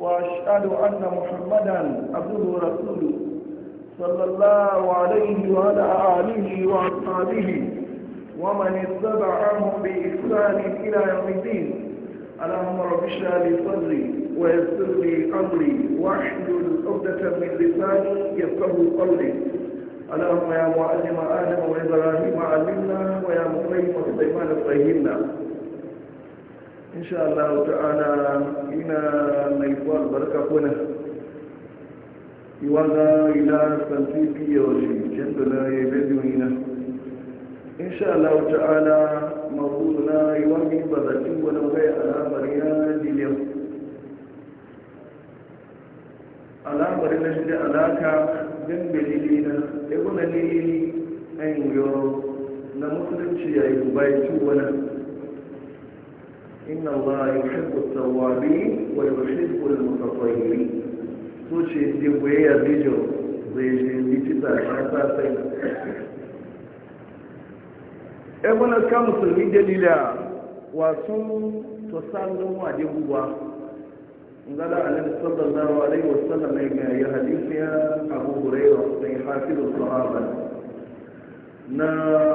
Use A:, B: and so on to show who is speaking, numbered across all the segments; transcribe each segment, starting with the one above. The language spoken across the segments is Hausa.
A: وأشهد أن محمدا عبده ورسوله صلى الله عليه وعلى آله وأصحابه ومن اتبعهم بإحسان إلى يوم الدين اللهم رب اشرح لي صدري ويسر لي امري واحلل عقدة من لساني يفقهوا قولي اللهم يا معلم ادم وابراهيم علمنا ويا مقيم سليمان فهمنا insha Allah ta'ala ina mai kuwa albarka kuna iwaga ila santi na insha Allah ta'ala na iwagi wani wai ya diliyan alamar na shi alaka gan ya na musulunci ya yi inna Allah yuhibbu at-tawwabin wa yuhibbu al-mutatahhirin to ce ji goye ya bijo zai je biki ta ta sai e muna ka musulmi dalila wasu to sallon wa a guba ngala annabi sallallahu alaihi ya hadisi ya hafizu na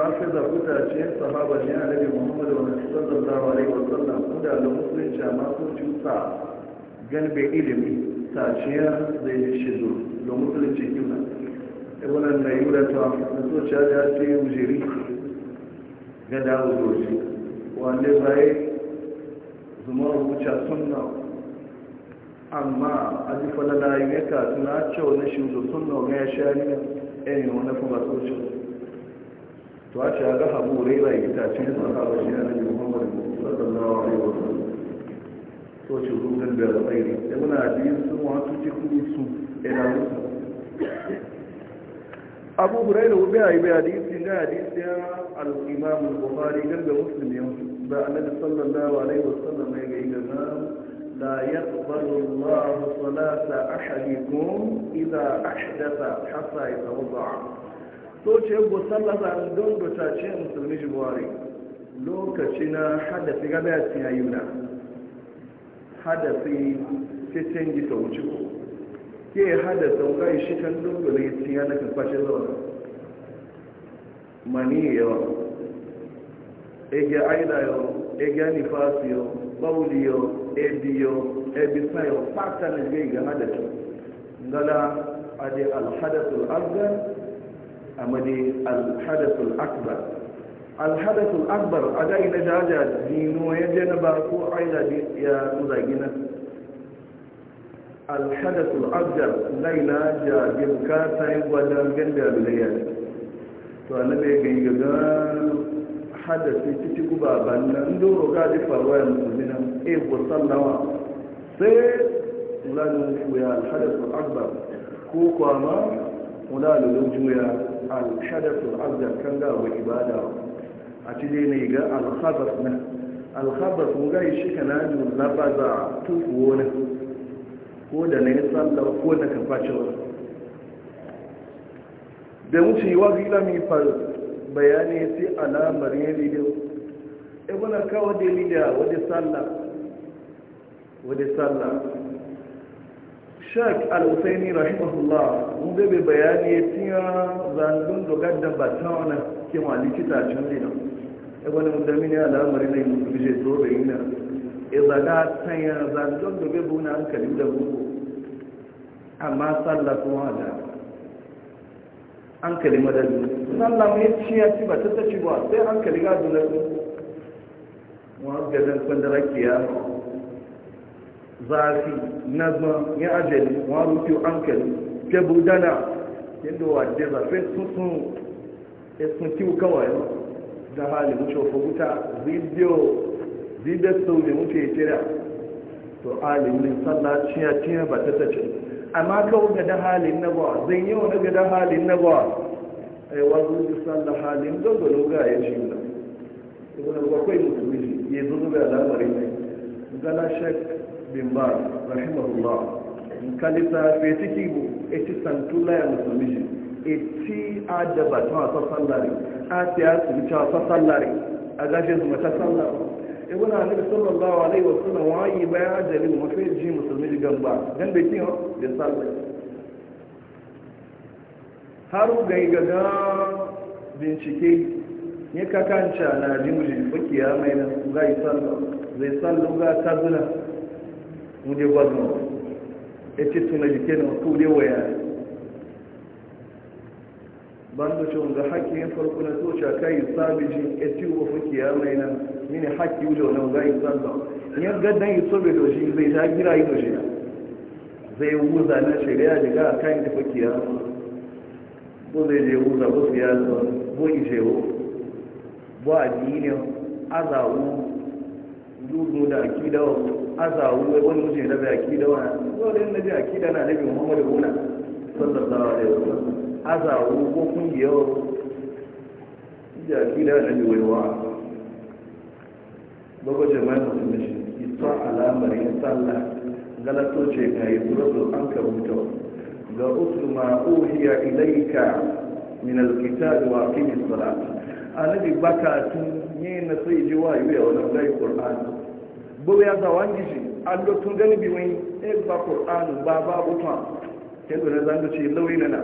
A: aka zafi cikin sahaba ne a nabi muhammadu wa sallallahu alaihi wa sallam ko da da musulunci amma sun cuta galbe ilimi tace da ya shigo da musulunci kina e wannan na yura ta da so cha da ce wujeri ga dawo ujoji wanda bai zuma rubuta sunna amma a ji falala yi ya kasu na cewa na shigo sunna ga ya shari'a ɗaya eh, wani kuma sosai to a ce a ga habu raira ya tace ya saka ba shi annabi muhammad sallallahu alaihi wa sallam to shi rubin da rairi da muna hadisi sun wato ci kudi su ina musu abu huraira wa yi biya hadisi ga hadisi ya al-imam al-bukhari dan da muslim ya ba annabi sallallahu alaihi wa sallam ya ga ga la yaqbalu Allah salata ahadikum idha ahdatha hatta yatawadda so ce go sallasa don dotace musulmi jibuwari lokaci na hadasi gaba ya tiya yuna hadasi ce canji ta wuce ke hadasa wukai shi kan dungu ne tiya na kafashe zuwa mani yawa ege aida yau ege nifasi yau bauli yau ebi yau ebi sayo fata na gai ga hadasa ngala ade alhadasul afghan amma dai alhadathul akbar alhadathul akbar a ga ina jaja dino ya ba ko aida ya zagina alhadathul akbar ja jabin ka sai gwadan ganda bilayya to annabi ga yi ga hadasi titi kuba ban nan doro ga ji faruwa ya musulmina e ko sallawa sai mulanin juya alhadathul akbar ko kwama mulanin juya alhadasul azgar kan ga wa ibada a ci dai ne ga alhabas na alhabas mun ga shi kana jin labaza tufuwo na ko da na yi sallah ko na kafaci wasu da wuce wa gila mai far bayani sai alamar yin lidin ibina e kawo da lidin wadda sallah wadda sallah shek al-usaini rahimahullah mun bai bai bayani ya tiya zangun dogar da ba ta wani ke ma likita can dina ya wani mudamini al'amari ne bije to bai yi na ya zaga tanya zangun da bai buna hankali da buku amma sallah kuma da hankali madadi sallah mai ciya ci ba ta ta ci ba sai hankali ga dunar mu ga zan kwandara kiyama zafi nazma ya ajali wa rufi hankali ke dana. yadda wadda zafi sun sun e kiwu kawai da hali wuce wuta zidiyo zidiyo sau ne muke kira to alimin sallah ciya ciya ba ta tace amma kawo ga da halin na ba zan yi wani ga da halin na ba ai wazo ji sallah halin dogolo ga ya ci na ibn akwai musulmi ya zo ga lamarin ne Gana shek bin ba rahimahullah kalita fe ciki bu eti santula ya musulmi eti adaba ta wasa sallari a ta ya su ta wasa sallari a gashin su mata sallari e wani annabi sallallahu alaihi wa sallam wayi ajali mu mafi ji musulmi gan ba gan da kiyo da sallari har ga ga bincike ya kakanca na dimuri bakiya mai nan zai sallo zai sallu ga tazuna wunde gwazon ya ce tuna jike na kude waya ban da cewa ga yin farko na soca ka yi sabijin ya ci wa fuki ya mai nan mini haƙƙi wuce wani wuga yi sabba yan gadon yi sobe doshi zai ta gira yi doshi zai wuza na shari'a daga a kayan da fuki ya ko zai je wuza ko su ya zo ko ishe ko ba a dinin azawu dubu da akida wa asa wani wani mutum da bai akida wa dole na ji akida na nabi muhammadu buna sallallahu alaihi wasallam asa wani ko kungiyar ji akida na nabi wa. bago jama'a mutum shi isa alamar yin sallah galato ce ka yi zurazu an karuta ga usu ma uhiya ilaika min alkitabi wa aqimi salat annabi baka tun ni na sai ji wa yi wa nan dai qur'an ya zawa wangi shi an do tun gani bi ya e ba ƙor'ani ba ba buta Ya do na zanga ce lauyi na na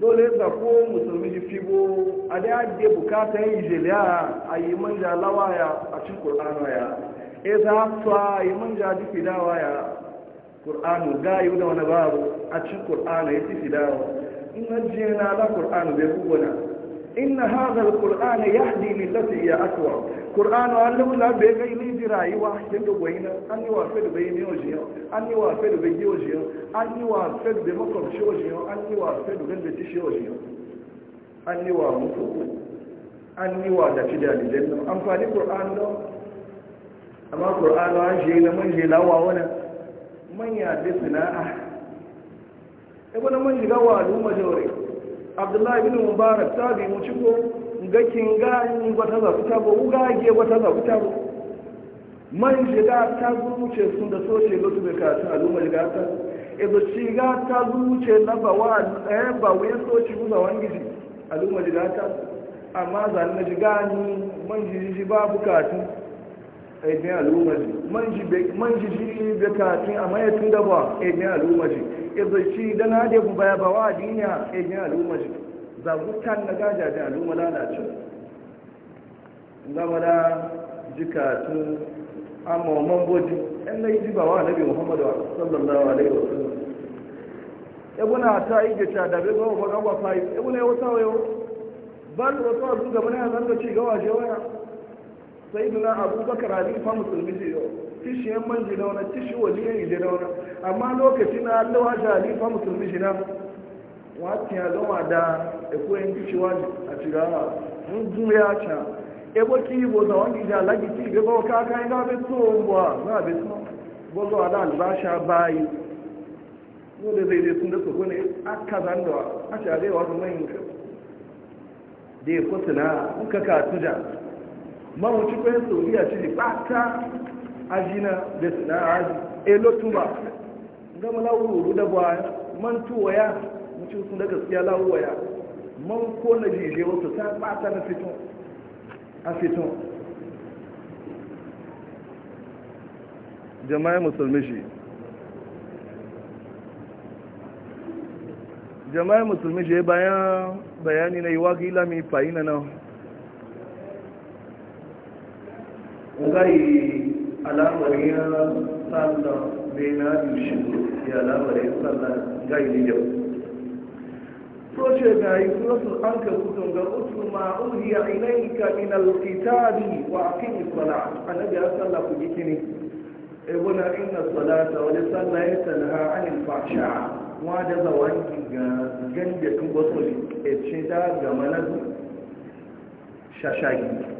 A: dole za ko musulmi ji fibo a da ade bukata yi jeliya a yi manja lawaya a cin ƙor'ani ya Ya e za a yi manja ji fidawa ya ƙor'ani ga yi da wani babu a cin ƙor'ani ya ci fidawa in na je na ala ƙor'ani bai na inna hadha alqur'ana yahdi lillati hiya aqwa qur'anu allahu la be ga ni dirai wa kendo goyina an ni wa fe be ni oje an ni wa fe be ji oje an ni wa fe be makon shi oje an ni wa fe be be ti shi an ni wa mutu an ni da ti da aljanna amfani qur'an do na man je lawa wala man ya bi sana'a ibn man jiga abdullahi ibn mubarak ta bi mu ciko ga kinga ni wata za ku tabo uga ge wata za ku tabo man shiga ta zuce sun da so ce su be ka ta al'umma shiga ta e ba shiga ta zuce na ba wa eh ba wai soce ku za wangi ji al'umma shiga ta amma za na ga ni man ji ji ba bukatu ai eh, ne al'umma ji man ji man ji ji be ka tin amma ya tun da ba ai eh, ne al'umma ji izo shi dan hade ku baya ba wa duniya a yin al'umma shi za ku kan na gaja da al'umma lalacin gama da jikatu amma man boji ɗan na yi ji ba wa nabi muhammadu sallallahu alaihi wa Ya ebuna ta yi gaca da bai gawa baga ba fayi ebuna ya wata yau. ba da wata wasu gaba na ya zanga ci gawa shi waya sai duna abubakar fa musulmi ce yau tishi yan manji da wani tishi na. ije da wani amma lokaci na allawa jalifa musulmi shi na wata ya zama da ekwen wani a shiga mun zuya ca ebo ki bo da wani ja lagi ki ga be so naa na be so bo zo ala albasha bayi no da zai sun da so ko ne aka zanda a ta dai wa mai ka ma ci ba ta ajina e, da suna aji elotuba gama lauru da baya man tuwaya mutum sun da gaskiya lauwaya man ko na jije wasu ta bata na fito a fito jama'a musulmi shi jama'a musulmi shi bayan bayani na yi wa gila mai fahina nan ngayi alamar ya sallah bai na shi ya alamar yana sallah ga yi yau so ce ga yi suratul an ka kusan ga utu ma'uriya ilaika min alkitabi wa aqimi salat annabi ya sallah ku yi giki ne ebuna eh, inna salata wajen sallah ya tanha anil fahsha wa da zawanki ga gande tun wasu ne e ce da ga manazin shashagi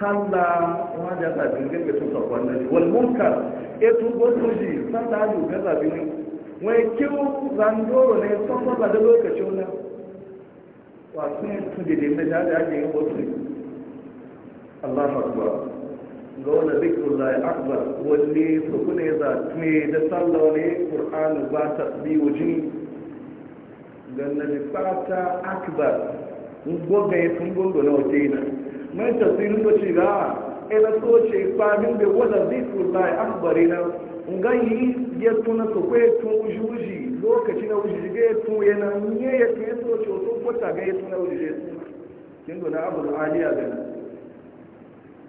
A: sallah wa da zabin gaga tun sakon nan wal munkar e tun gosu ji sallah ju ga zabin wai kiwo zandoro ne son sallah da lokacin nan wa sun tun da dinda da da ake yin gosu Allahu akbar ga wala zikrullahi akbar walle su ne za ne da sallah ne qur'anu ba tasbihu jini ganna bi fata akbar ngoga ya tun gondo na wajena mai tasirin da ci ga ina so ce kwamin da wadda zikru lai akbari na ngayi ya tuna ujuji lokaci na ujuji tu ya tun yana nye ya tun ya so ce wasu kwata ga tu tuna ujuji kin dona abu da aliya ga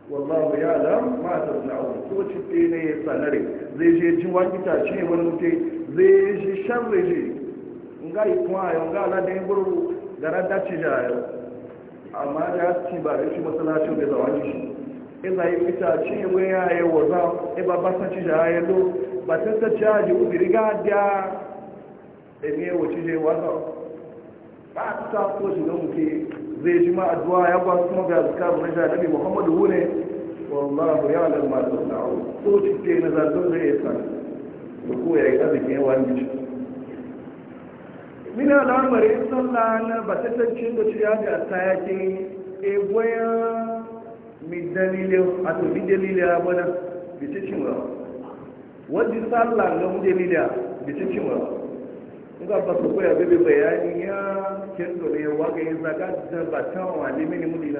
A: wallahu ya alam ma ta sana'u so ci te ne ya sanare zai je jin wani itace wani mutai zai je shan zai je ngayi kuma ya ngala da yin gurbu da radda ci jayo amma da ci ba da shi masalacin da zawon shi ina yi fita ci wai ya yi waza iba ba san ci da ya lo ba ta ta caji ubi riga da emi ya wuce je waza ba ta ko shi don muke zai ji ma ya ba kuma ga azkar na ja nabi muhammadu hune wallahu ya lalma da na'u ko ci ke na zartun zai yi sa ko ya yi arzikin wani mina lamarin sallah na batattacin da ciya da ta e egwaya mi dalile a to mi dalile ya bana da cin wa wajen sallah na mu bi da cin wa nga ba su koya bebe bayani ya kendo ne ga yin zaga da batan wa ne mini mu na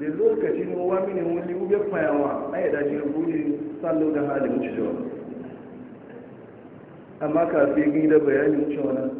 A: da lokacin wa mini muni ube fayawa ai da jin buri sallo da halin cikin amma fi gida bayani mucewa na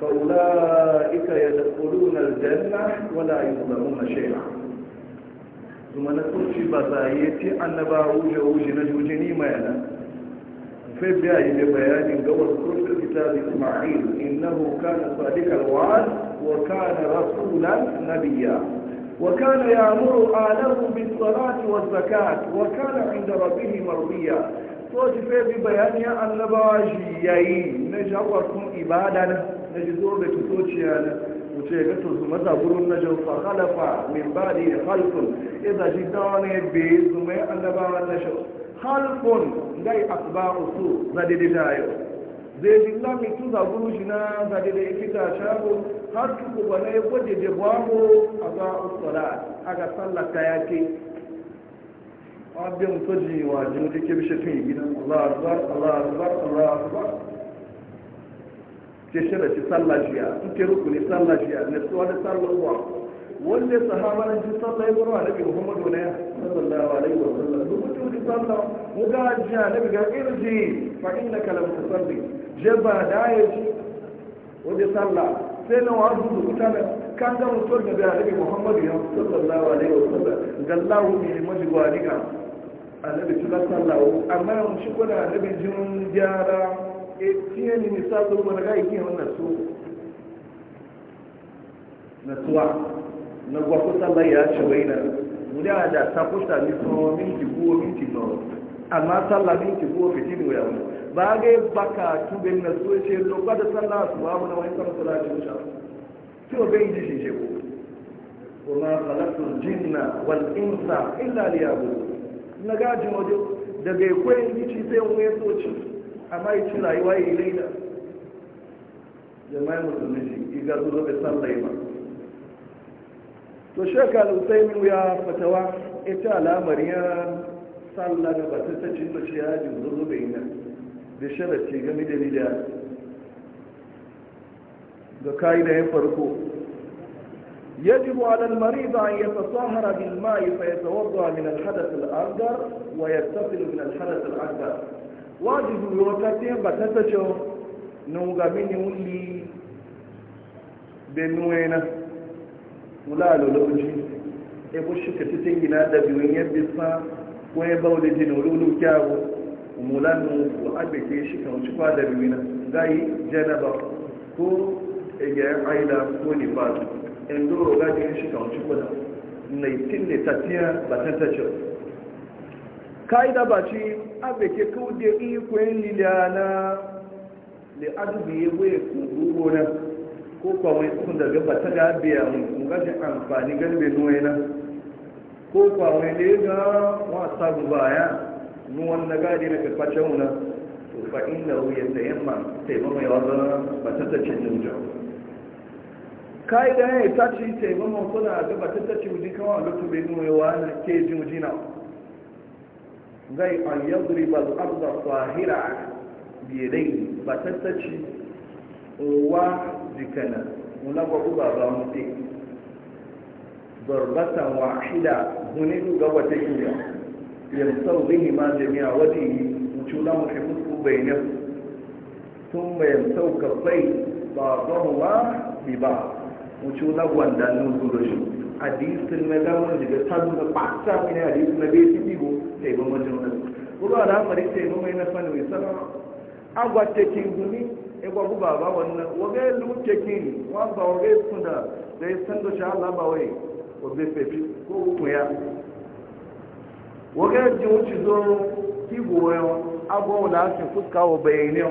A: فأولئك يدخلون الجنة ولا يظلمون شيئا ثم نقول في بزايتي أن باروج أوج نجوجني ما في بداية بيان قول كل كتاب إسماعيل إنه كان صادق الوعد وكان رسولا نبيا وكان يأمر آله بالصلاة والزكاة وكان عند ربه مرضيا صوت في بيان أن باجي نجركم إبادنا na ji zo da tutociya na wuce ya gato su da gurin na jan fa halafa min ba da ya halkun ya zaji ne zuma ya annabawa na shi halkun gai akba usu za daidai da zai ji lami tun za guru shi na za daidai ya shago har tuku ba na ya gwaje da babu a ba usura aka sallaka ya ke abin soji wa jini da ke shi tun gidan allah akbar allah akbar allah كشرة صلى جيا تكرك لصلى جيا نسوان صلى الله ولي صحابة جسد الله يبرو على نبي محمد ونيا صلى الله عليه وسلم بمتو جسد الله مقاجع نبي قال ارجي فإنك لم تصلي جبا دايج ولي صلى سينا وعبد وكان كان دام نتوجه بها نبي محمد يا صلى الله عليه وسلم قال الله بي مجد وعليك النبي صلى الله عليه وسلم أمام شكرا نبي جنجارا etinye ni nisa zurma na gaiki yawan nasu nasuwa na gwakuta bai ya ce wai na muli a da ta kusa ni so minti ko minti no amma sallah minti ko fitini ya wani ba ga baka tubin nasu ce lokwa da sallah su ba mu na wani sama sallah ce sha to bai ji shi ce ko kuma khalaqtul jinna wal insa illa liya'budun na gajin wajen daga kwayin gici sai wani soci amma yi ci rayuwa ya yi laida jama'a musulmi shi iga zuwa bai san laima to shekar usaimin ya fatawa ita alamar ya sallah da bata ta cin da ciya jin zuwa bai nan da sharace game da nida ga ka'ida ya farko يجب على المريض أن يتصاهر بالماء فيتوضأ من الحدث الأصغر ويتصل من الحدث الأكبر wajibi ne wata ta ba ta ta cewa e na ugami ne wuli benuwe wula aloloji ebo shi ka titin gina da biyun yadda sa ko ya wuri wuli kyawu umula nu ko abeke shi kan ci kwa da biyun na ko egayen aida ko ne ba su endoro gajin shi tafiya abeke kude ikon lilana le adubi yabo ya kungu na ko kwa mai kun daga bata ga biya mun gajin amfani galbe na, ko kwa mai le ga ya baya wan na gadi na pacha una to fa da wuya da yamma sai mamaye wazana ba ta ce tace jinja kai da ta tace sai mun kuna ga ba ta tace ji kawai lokacin bai nuwaye wa na ke ji na zai an yadri ba su abu da fahira biyadai ba ta taci uwa jikana muna ba ku ba ba mutu barbatan wa shida wani ga wata kiya yamsau bihi ma jami'a wadi mutula muhimmu bainahu ثم يمسو كفي ba, ببعض وشو لغوان دانو دولوشو hadisin na gamar daga sadu da fata ne hadisin na bai ciki go sai ba mutum da kuma al'amari sai ba mai na fani mai sama agwa cikin gumi igwa guba ba wannan wabe lutekin wanda wabe kunda da ya san da sha ba wai wabe fefi ko ya? wabe ji wuce zo kigo yau agwa wala shi fuska wa bayane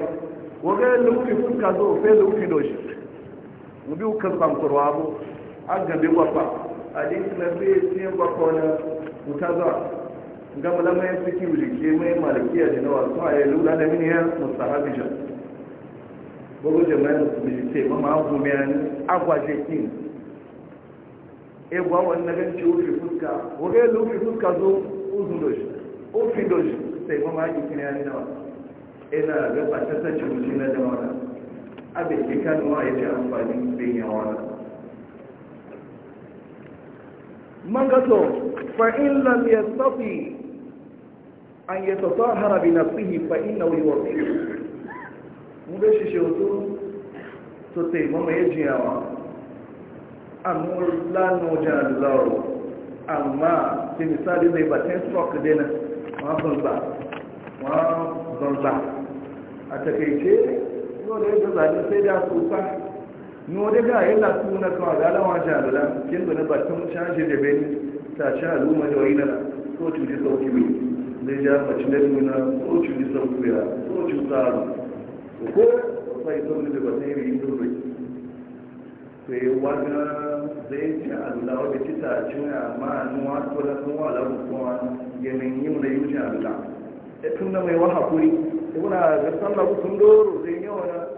A: wabe lufi fuska zo fe lufi doshi mu bi ukan samkurwa abu an gabe gwapa hadisi na fiye cikin bakwana mutaza ga malama ya suke wulike mai malakiya da na wasu a yalu na damini ya musahabi jan gbogbo jama'a musulmi ce mama an gome ya ni agwaje kin egwa wani na ganci ofe fuska wani yalu ofe fuska zo uzun doshi ofe doshi sai mama ake kina ya ni na wasu ina ga ba ta sace wuce na jama'a abin ke kanuwa ya ce amfani bin yawa na mangato fa'in lam ya tafi an yi tasahara bi nafsihi fa'in na wuyi wasu mu bai shi shautu to te mama ya jiyawa amma lanu jalilaro amma ti misali zai batin stroke dina ma banza ma banza a takaice yau da ya gaza sai da kusa no daga yana tuna kawa galawa jalala kin da na batun shaje da beni ta sha luma da wayna ko tuji sauki bi zai ja mace da nuna ko tuji sauki ya ko tuji tsaro ko sai to da ba sai yi dole sai wanda zai ja Allah wa bi ta tuna amma nuwa ko da nuwa la ko yanin yi mun yi Allah e tun da mai wa hakuri ibuna ga sallahu sun doro zai yawa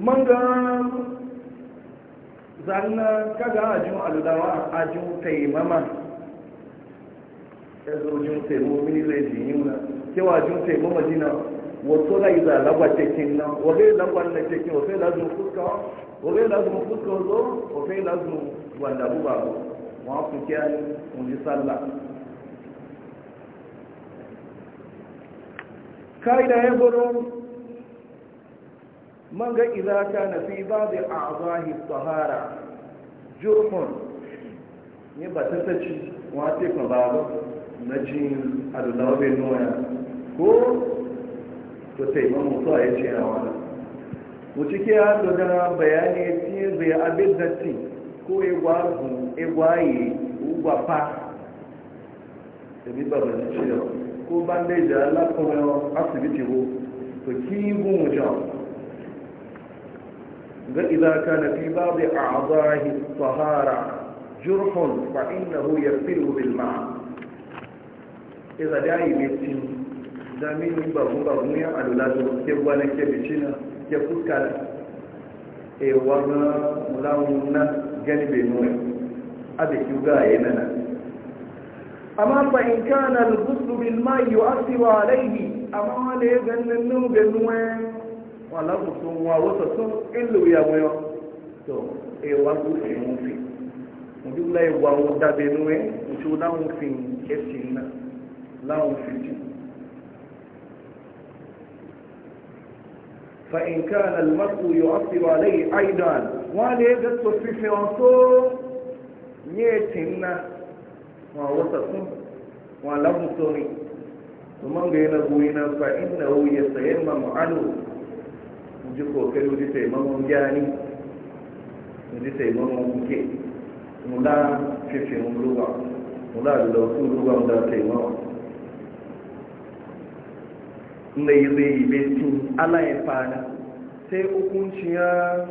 A: manga zanna kaga ajin aludawa ajin taimama ya zo jin taimama mini zai ji kewa jin taimama jina wato ga iza lagwa cikin nan wale lagwa na cikin wafe lazumin fuska wale lazumin fuska zo wafe lazumin wanda kun kí ẹni òní sálà man ga iza kana fi babu a'zahi tahara jurhun ne ba ta tace wace ka babu na jin Allah bai nuna ko to sai mun mutu a yace a wala mu cike ya to da bayani tin zai abin datti ko e gwaru e gwaye ugwa pa da bi ba ban ko ban dai da asibiti ko to ki mu jawo ga idza na fi ba ba'd a tahara sahara. fa ba yaghsilu bil ma' idza dai bitin da min ba mu ba mu ya alulazo ke gwana ke bicina ke fuskala e wanga mulawuna galibe noy abe kuga yana amma fa in kana al-ghusl bil ma'i yu'athiru alayhi amma wala gannan nuga mai. wàhálà kò tún wọn àwọn sọ̀tún ìlú ìyàwó yọ tó ẹ̀wà kò fi wọn fi ojú láì wọn dábẹ́ inú ẹ̀ ojú láwọn fi ẹ̀sìn náà láwọn fi jù. wọn كان المرء يؤثر عليه أيضا وعليه قد في فيونسو يتنا ووسطهم ولهم na ثم بين أبوين فإنه يتيمم عنه ji kokari ji taimakon gyari ji taimakon kuke mula fifin ruwa mula da lauku ruwa da taimakon na yi zai yi betin ala ya fana sai hukunciya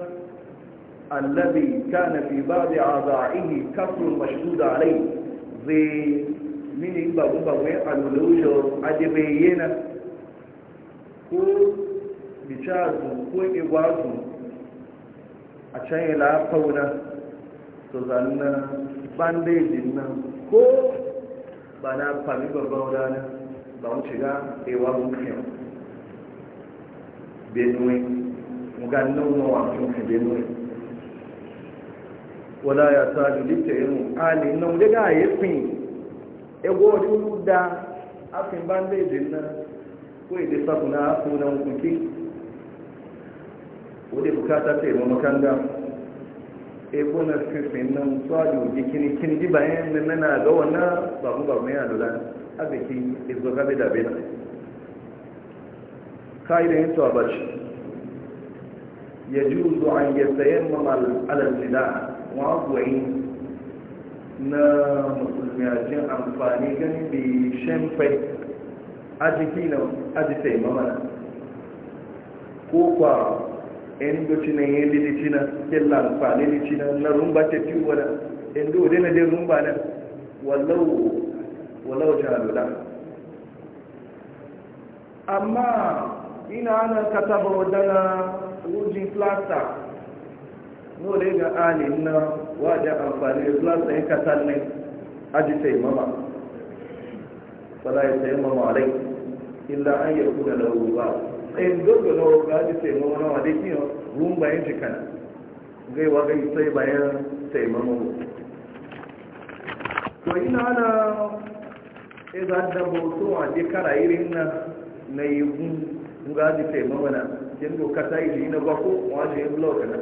A: allabi ta na fi ba da azaihi kafin mashuda alai zai mini babu babu ya alulaujo adibayyana ko chazu ko igwazu a can yi lafauna to zanna bandejin nan ko ba na fami babban wadana ba mu shiga ewa mukiyan benue mugannin mawa sun benue wala ya sa julita yin ali nan daga e a yi fin ego da afin bandejin nan ko ide sakuna sunan kuki wani bukata ta yi mamakanda ebonar fifin nan tsari jikini kini bayan nan nana ga wana babu babu mai adula a biki izo e, gabe da bena ka'idan yin tawabaci ya ji uzo an yi sayan mamal alalzida wa'azuwayin na musulmiyacin amfani gani bi shemfai a jiki na ajitai mamana ko kwa in doci na yin tina kella amfani tina na rumba te ti wala in do na de rumba na wallau da. amma ina ana kataba wadana rujin plasta de ga ani na wadda amfani da plasta in katar ne aji mama fala ya mama alai illa an yi kuna da tsayin dogo na wakwa da taimama na wade kiyo ruwan bayan jikana gaiwa gai sai bayan sai taimama to ina na iza da hoto a jikara irin na na yi gun gaji sai taimama na yin doka ta yi na bako waje yin blok na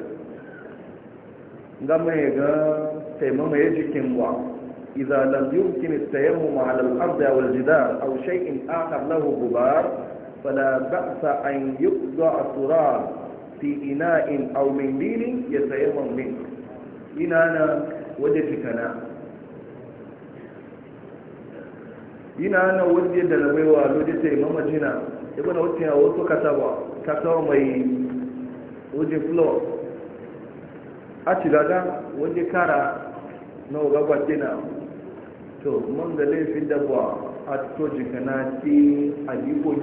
A: gama ya ga sai taimama ya jikin wa إذا لم يمكن التيمم على الأرض أو الجدار أو شيء آخر له غبار فلا بأس أن يقضى التراب في إناء أو من منديل يتيمم منه إنانا وجدتنا إنانا وجد لبيوى لجدت إمام جنا إبنا وجدها وصو كتابة كتابة مي وجد فلو أتلاقى وجد كارا نو غابتنا تو من ذلك في الدبوة ato jikana ti aliko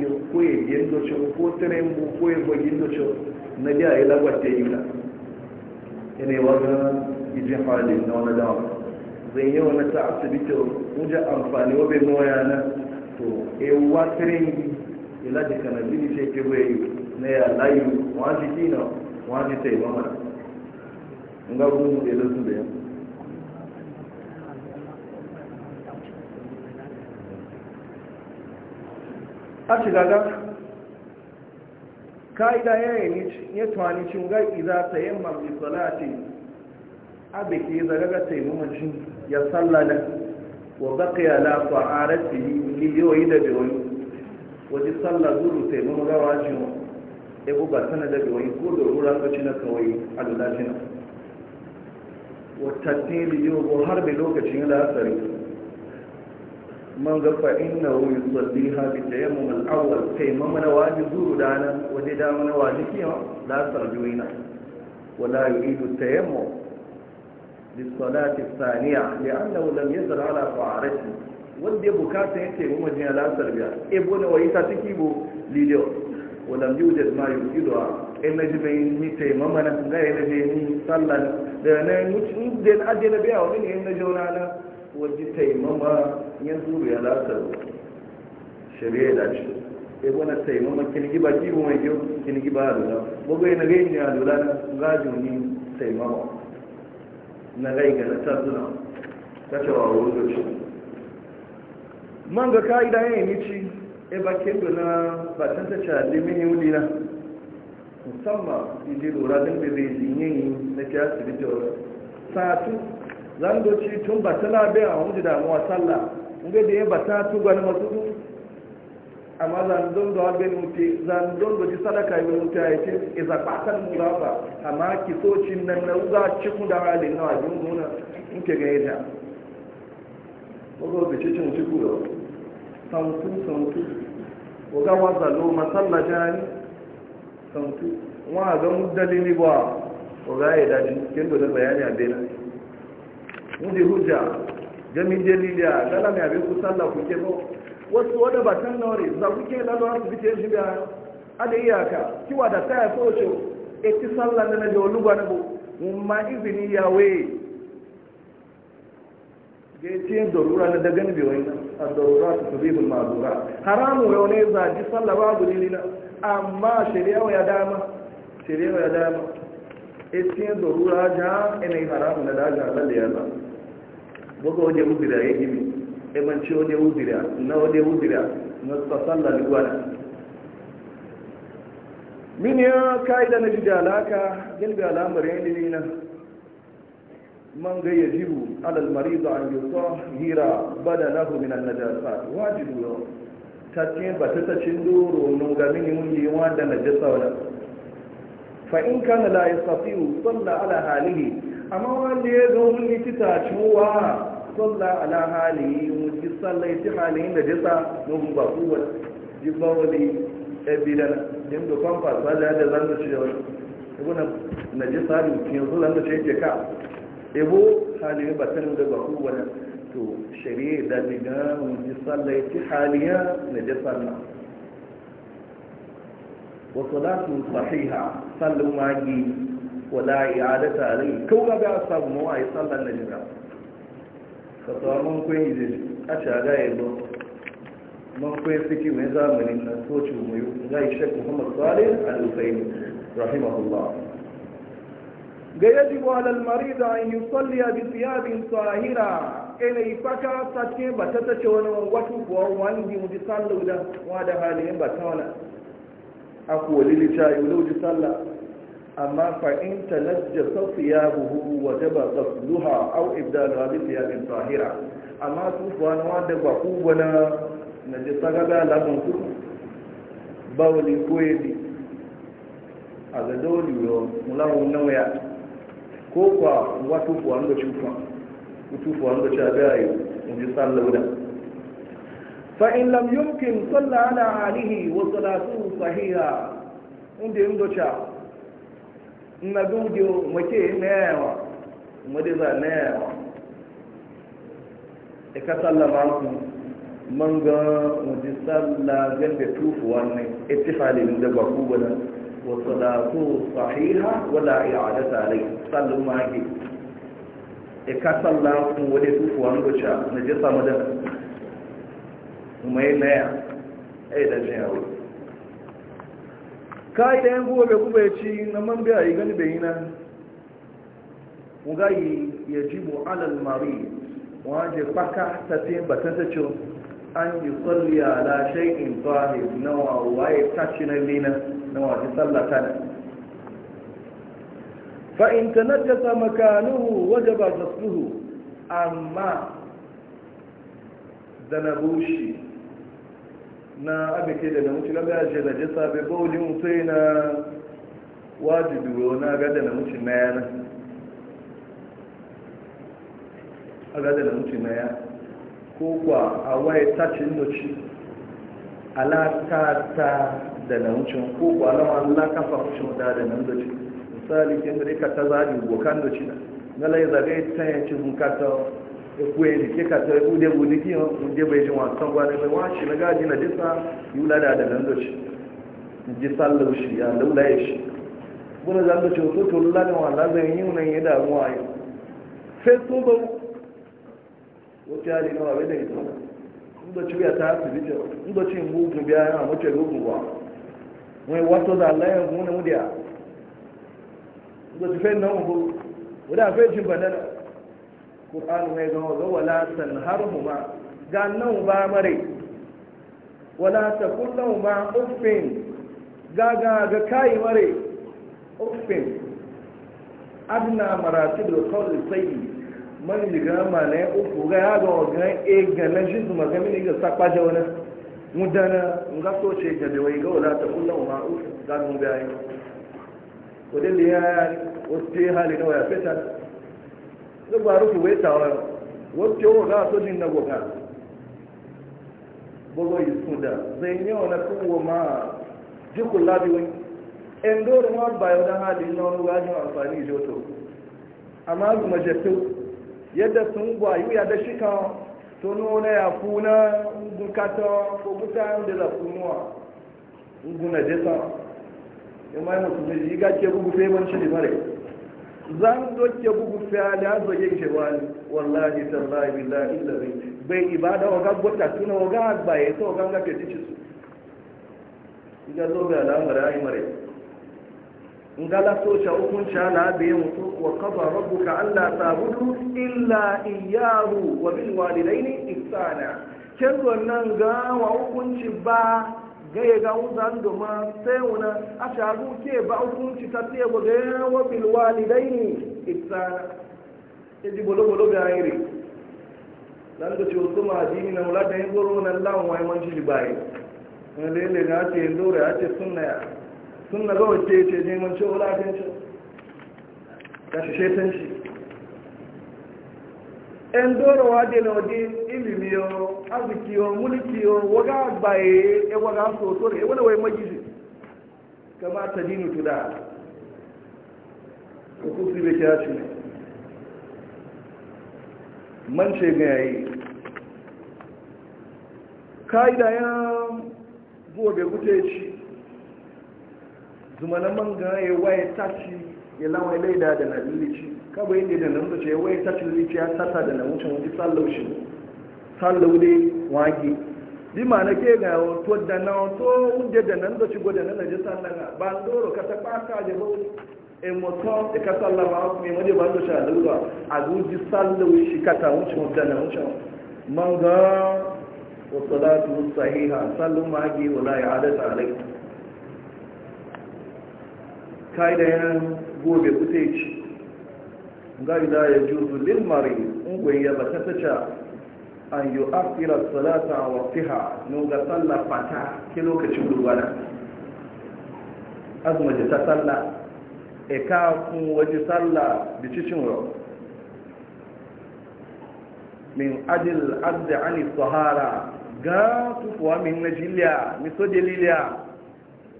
A: yin yendo cho ko tren bu bo yendo cho na dia ila wate yula ene waga ije hali na wala da zai yi wani ta asibiti wujen amfani wabe moya na to e wa tren ila jikana bini ce ke na ya layu wa na wa ji taimama nga da su
B: a shiga ga
A: ka'ida ya tuwani cin ga za ta yi mafi salati a da ke zagaga taimamacin ya sallada wa bakiya la fa'arati miliyoyi da biyoyi waje sallar zuru taimamu gawa jin ya buga sana da biyoyi ko da rura gaci na kawai a lalatina watanni liyo har bai lokacin lasari من غفى إنه يصليها بالتيمم الأول في ممن واجزور دانا وجدا من واجزهم لا ترجوين ولا يريد التيمم للصلاة الثانية لأنه لم يزر على فعارته والدي أبو كاتن يتيب ومجنى لا تربية ابونا ويسا تكيبو لليو ولم يوجد ما يريدها إن جبيني تيممنا غير جيني صلى لأنه مجنى أدينا بها ومن إن جونانا والدي تيممنا yin zuru ya lasar shari'a da shi e wani taimama kinigi ba kibu mai kyau kinigi ba lura bugu yana gai ne a lura na gajin ni taimama na gai ga na tattuna kacewa a wurin shi man ga ka'ida ya yi nici e ba kendo na batan ta cari mini wuli na musamman ije lura don da zai jinyayi na kya bi wa satu zan doci tun ba tana bai a wani damuwa sallah nga da ya bata tuba na masu amma zandon da wabe mutu zandon da ji sadaka yi mutu a yake e zaɓa kan muraba amma kisocin nan na uga e cikin e da halin na wajen gona in ke gaya ta ko da cikin ciku da santu santu ko ga wasa lo masalla jani santu wa ga muddali ni ba ko ga yi daji kin da bayani a bena mun di hujja jami dalili a lala mai abin kusa Allah kuke ba wasu wadda ba can nauri za kuke lalawa su fice shi da ada iyaka kiwa da ta ya soce e ti sallah na ga wani na bu ma izini ya we ga ya ce darura na daga ne biyoyi na a dorura ah, su tubi bin mazura haramu yau ne za ji sallah babu lilina amma shari'a ya dama shari'a ya dama e eh, ti dorura ja ina haramu na daga lalle ya zama boga wade udira ya gimi emanci wade udira na wade udira na tsasalla ligwana min ya ka'ida na jidalaka gilbi al'amarin ilimi na man ga yajibu alal maridu an so hira bada lahu min an najasa wajibu yau tace ba ta tacin doro no ga mini mun yi wa da najasa wala fa in kana la yastati salla ala halihi amma wanda ya zo mun yi wa? salla ala halihi mu ji sallai ti halihin da jisa mun ba ku wani ji ba wani ebidan din da kwamfa salla da zan da shi wani ibu na ji sari mutum yanzu zan da shi yake ka ibu halihin ba sanin da ba ku wani to shari'a da diga mu ji sallai ti haliya na jisa na wasu lasu sahiha sallin magi wala i'adata alai kawai ga samu mawa yi sallan na jira fatawa man kwayi zai a shaga ya zo man kwayi suke mai zamani na soci muyu za yi shek muhammad salih al-husaini rahimahullah ga yaji wa al-marid an yusalli bi thiyabin tahira ina ifaka sace ba ta tace wani wangwatu kuwa wani mu ji sallu da wa da halayen ba ta wani akwai lilita yau ji sallah amma fa'in talajjasa siyabuhu wajaba au aw ibdaluha bi bin tahira amma tufuwa na wanda ba ku bana na ji sagaga labin ku ba wani koyi a ga dole yo mulawun nawaya ko kwa ku tufuwa ga cufa tufuwa ga chaga yo in ji sallau da fa'in lam yumkin salla ala alihi wa salatu sahiha inda yin docha na dubiyo make na yawa madiza na yawa e ka sallama ku man ga wajen salla gan da tufu wannan ittifalin da baku wala wa salatu da ku sahiha wala i'adata alai sallu ma ke e ka salla ku wani tufu wannan gocha na ji samu da kuma yi na ai da jin da yan gobe kuma ya ci na man biya yi gani bai yi nan ugayi ya ji alal mari waje baka ta ce ta ce an yi tsalli a lashai tsari na wawaye tashi na lina na waje tsallata na fa'in ta najasa makanuhu waje ba amma da na bushe na abike da na mutu ga gashi da jisa bai bauli mutu na wajibi wa na gada na mutu na yana a gada na mutu na yana ko kwa a waye tacin noci alakata
B: da na mutu ko kwa lawa
A: alakafa mutu da da na misali kin ta zaji bokan noci na na lai zagai ta yanci hunkata ku yi ke ka tare ku da budi ki mun na disa yula da da ji sallu shi ya laula ya e shi buna zan e da cewa e. da wala zan yi nan ya damuwa yau sai to ci ya ta asibiti inda ci mu biya yana mace rubu ba ƙur'anu mai zama zo wala san har ma ga nan ba mare wala ta kullum ma uffin ga ga ga kai mare uffin adna maratib da kawai sai man jiga ma na ya uku ga ya ga waga e ga na ma maga mini ga sakwa da wani mudana nga so ce ga da wai ga wala ta kullum ma uffin ga mun bayan wadda ya wasu hali na waya fitar da ba rufu wai tawa wacce wa za su jin na goga bugo yi su da zai yi wa na kowa ma jikun labi wani ɗan doron ma bayan da hali na wani gajin amfani joto amma su majaltu yadda sun gwayu ya da shi kan tono na ya funa gukata ko guta da lafunuwa guna jesa ya mai yi gake gugu sai ban shi da mare zan doke bugu fiyali a zoye wani wallahi tallahi billahi rai bai ibada waga gwata tuna waga agbaye ta ga ngafe tici su ga zo ga al'amari ayi mare ngala so sha hukunci abu biye mutu wa kafa ka allah ta hudu illa iyaru wa bin walidayni ihsana kin wannan ga wa hukunci ba gaya ga an doma sai wuna a shagu ke ba hukunci ta ce ba ga yan wafil walidaini ita ya ji bolo-bolo ga yare dan da ce wasu majini na wula da yin goro na lan wani manci ji bayi wani lele na ce yin dore ya ce sunna ya sunna ga wace ce je manci wula ta ce ka shi shetan endorowa dị n'ụdị imimi o azụki o muliki o waga agbaye ewaga afọ otoro ewele wee magizi kama ta dinu tuda ko si be kya shi man ce ga yayi kaida ya gobe gute shi zumanan man ga yayi waye tashi ya lawa laida da nabilici ka bai ne da nan ce wai ta tilwici ya sata da nan wucin wani sallau shi sallau wage bi ma na ke ga to da na to unde da nan da ci goda nan da ji sallaga ba ndoro ka ta kwata da bauli e moto e ka sallama ku me maje ba do sha lura a guji sallau shi ka ta wucin da nan wucin man ga wa salatu sahiha sallu magi wala ta. alayhi kai da yan gobe kutai ci gaida ya juzu lil marid ungwe ya batatacha an yu yu'akhira salata a waqtiha nun ga sallah fata ki lokacin gurwana azuma ta salla. e ka kun waje sallah bi cikin ro min ajil abd ani sahara ga tufuwa min najiliya mi so deliliya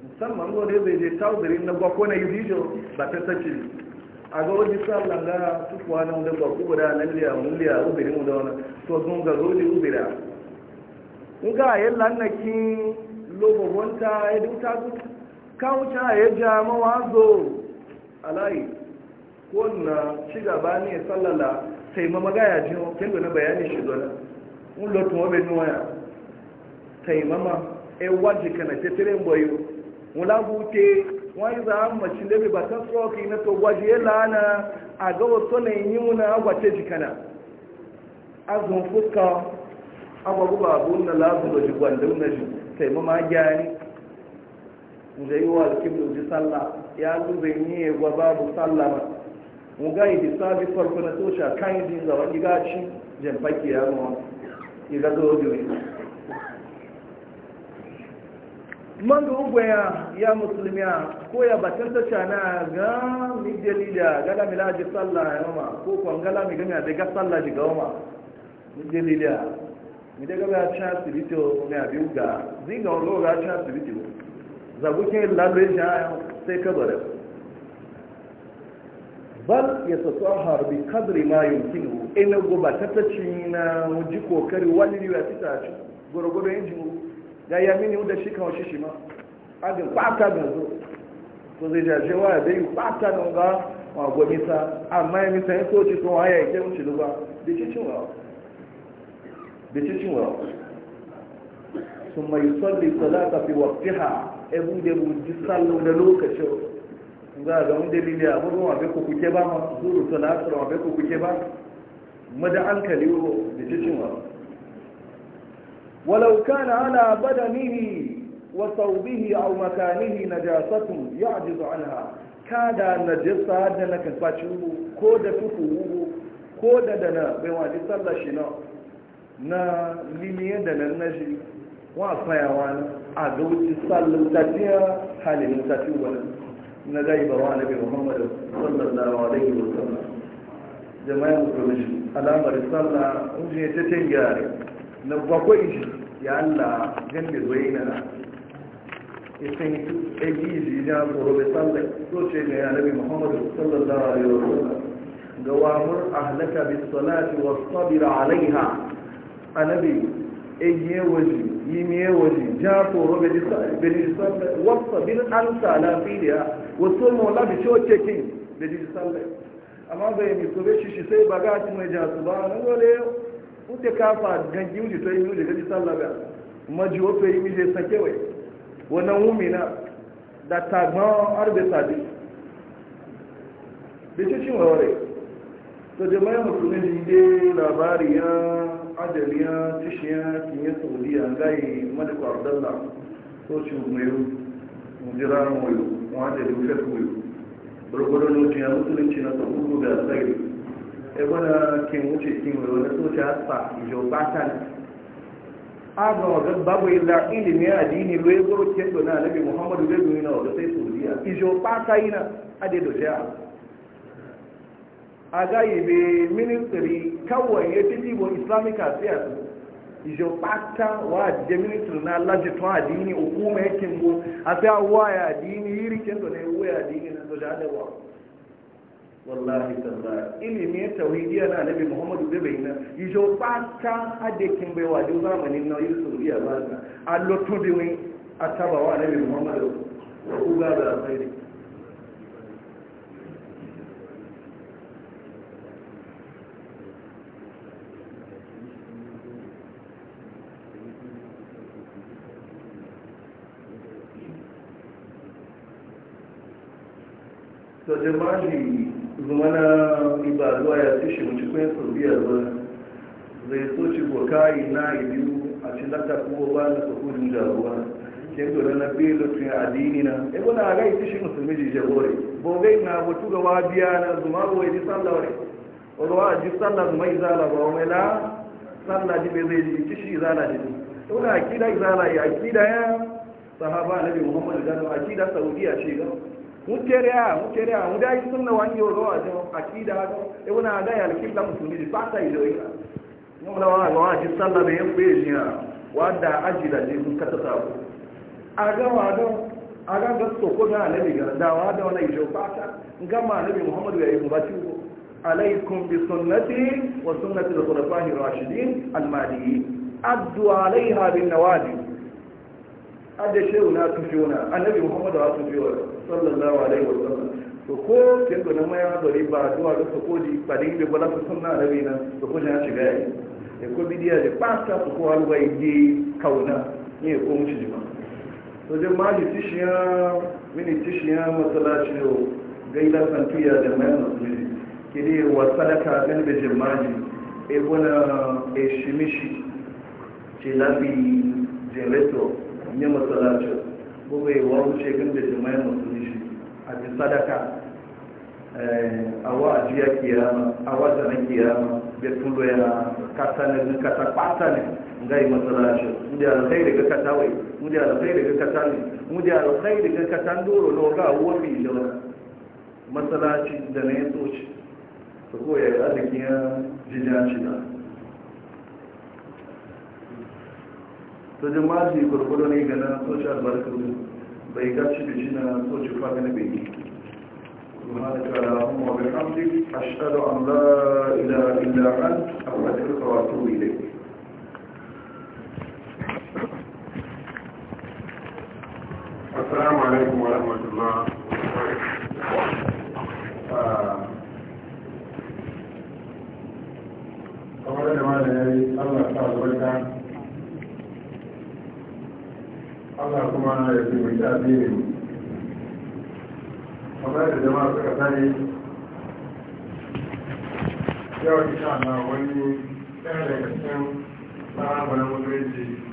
A: musamman gode zai je tawdirin na gwakona ta batataci a ga wajen sallan ga tukuwa nan da guda nan liya ubiri mu to ga ubira in ga yin lannakin lobobonta ya duta su kawuta ya ja alayi ko na shiga gaba sallala sai ma magaya ji kin gona bayani shi dole sai mama e kana tetere mboyo te wani za mace labi ba san tsoki na to gwaje lana a ga wasu na yi muna gwace jikana azun fuska agwagu ba abun na labu da ji gwandun na ji taimama gyani da yi wa alkibin ji sallah ya zube ni ya gwa babu sallah ba mu ga idi sabi farko na tosha kan yi dinga wani gaci jamfaki ya mawa ya ga zo biyu man ga ugwaya ya musulmi ko ya batun ta cana ga mi dalila gala mi laji sallah ya mama ko kwan gala mi gami daga sallah diga mama mi dalila mi daga ba cha sibito ne abi ga zinga lo ga cha sibito zabu ke be ja sai kabare bal ya har bi kadri ma yumkinu ina go batata cina mu ji kokari wani riwa tita ci gorogoro injin ya mini da shi kawo shi shi ma ga kwata da zo to zai jaje wa da yi kwata da ga wa gwamita amma ya mita ya soci sun wa ya ke wuce duba da cikin wa da cikin wa sun mai salli salata fi waqtiha e bude buji sallo da lokacin ga ga mun dalili a mun wa be kuke ba ma zuru salatu wa be kuke ba mada an kaliwo da cikin wa ولو كان على بدنه وصوبه أو مكانه نجاسة يعجز عنها كاد النجسة أدنى كتباتشوه كودة تفوه كودة دنا بواجه صلى شنا نا لمية دنا النجي وفيوان أدوت صلى تتيا حال المتتوبة ندعي بوانا بمحمد صلى الله عليه وسلم جماعة مكرمش الأمر صلى أجيه تتنجاري نبقى كويش ya Allah gande zoye na na isin egizi na korobe sallai so ce ga yanabi muhammadu sallallahu alaihi wasallam ga mur ahlaka bi salati wa sabir alaiha anabi egiye waje yi miye waje ja korobe bi sallai wa sabir an sala fiya wasu mola bi coce kin da ji sallai amma bai mi so be shi sai baga mai jasu ba nan gole yau wuce kafa gangi wuce to yi wuce gaji sallaga maji wato yi mije sakewa. Wani wannan wumi na da tagmawan arbe sadi da ce cin wawarai to jama'a musulmi ne dai labari ya ajali ya tishi ya kinye saudiya gayi maliku abdallah so ci mai jira wayo wajen rufe kuyo burgudu ne ya musulunci na sabuku da tsari ebona kin wuce kin wani soci hasa ijo batan aga waga babu illa ilimi addini lo ya goro ke dona muhammadu bai gumi na waga sai saudiya ijo bata na ade do sha aga ibe ministry kawai ya islamic affairs ijo bata wa de ministry na laji to ya dona ya na wallahi tallahi ilimin tauhidiya na nabi muhammadu bai bai na yijo bata adekin bai wa duk zamanin na yusuf biya ba ta a lotu biwi a taba wa nabi muhammadu wa kuga da alkhairi So the money zumana ibaduwa ya tushe mu cikin saudiya zuwa zai so ci bokayi na ibiyu a cikin da kuwa ba na sukudin jaruwa ke dole na biyu lokacin addini na e wani a gai tushe musulmi ji jagore bogai na watu ga wabiya na zuma ruwa ya ji sallah wani ruwa a ji sallah zuma izala ba wani la sallah ji bai zai ji kishi izala ji ne wani akida izala ya akida ya sahaba nabi muhammadu gano akida saudiya ce gano mutere a mutere a muda yi sunna wani wa gawa jo akida ga e wona ga ya kibla musulmi ba ta ido ya mu na wa ga ji sallah da ya be shi wa da ajira ne mun kata ta ku aga wa do aga ga so ko ga ne ga da wa da wala ido ba ta ngama nabi muhammadu ya yi mubati ko alaikum bi sunnati wa sunnati al-khulafa'ir rashidin al-mahdiyyin addu alaiha bin nawajib adda shehu na tufi wuna annabi muhammadu a tufi wani sallallahu alaihi wa sallam to ko kin gona mai hadari ba zuwa da su kodi ba din da bala su sunna annabi na to ko ya shiga yi e ko bidiya da pasta su ko alwa yi kauna ne ko mu shi ma to je ma ji ya mini tishiya masallaci yo gaida santuya da mai musulmi kidi wa sadaka gan da jimaji e bona e shimishi ce labi ya matsalacin gobe yi wa wuce gan da jima'in musulmi shi a ji sadaka eh, a wa a jiya kiyama a wa zana kiyama bai tulo ya kasa ne ni kasa kwata ne ga yi matsalacin mudi alkai daga kasa wai mudi alkai daga kasa ne mudi alkai daga kasa doro na waga wuwa fi jawa matsalaci da na ya tsoci su koya arzikin jijaci na to jama'a shi gurgudu ne ga na soci albarkar bai gaci da shi na soci fata na bai سبحانك اللهم وبحمدك أشهد أن لا إله إلا أنت أستغفرك وأتوب إليك السلام عليكم ورحمة الله kamar da malayi allah ta albarka Allah kuma ya fi mai shafi ne amma da jama'a suka sani yau isha na wani ɗaya daga cikin tsara na mutunci